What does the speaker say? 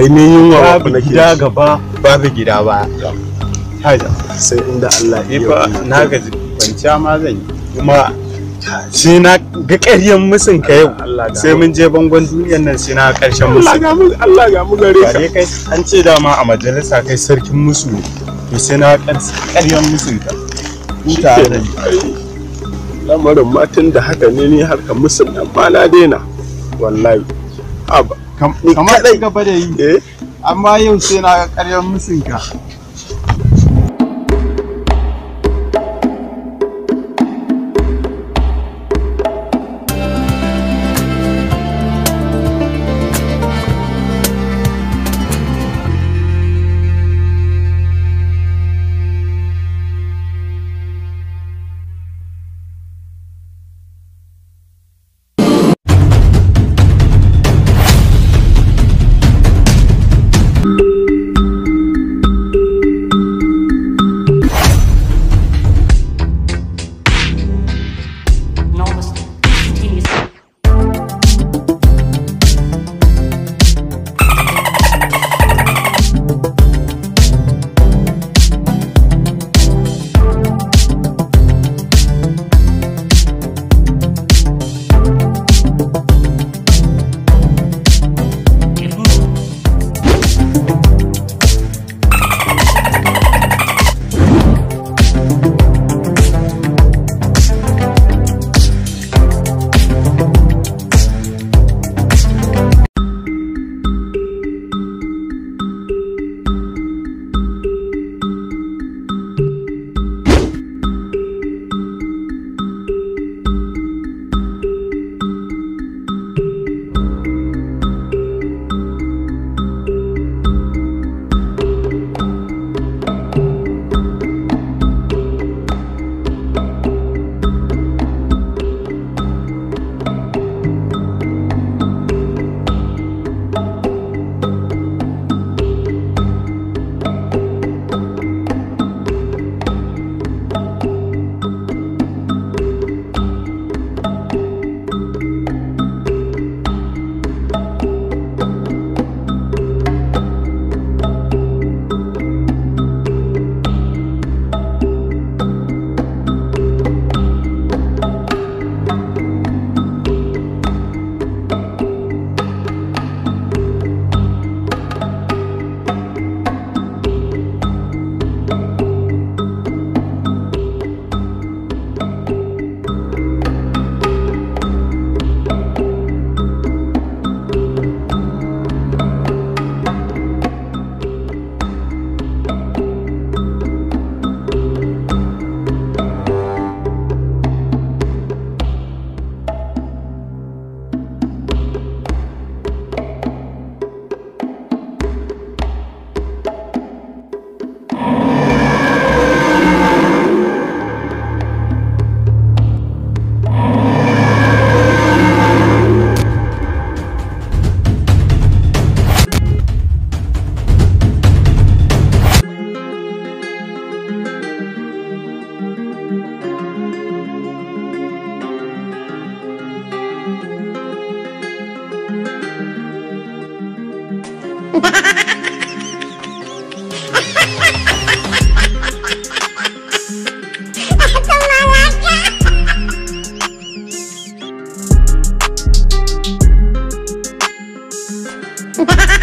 ainihin wa babu gida gaba babu gida ba haja sai inda Allah ya ba na gaji kwanciya ma zan yi kuma shi na ga ƙaryen musun ka yau sai mun je bangon duniyan nan shi na ƙarshen musu Allah ga mu gare ka kai an ce dama a majalisa kai sarkin musu ne to sai na ƙaryen musun ka huta lamarin matan da haka ne ni harkar musun nan ba na daina wallahi haba kamar ka da yi eh? amma yau sai na karyar musinka Ha ha ha!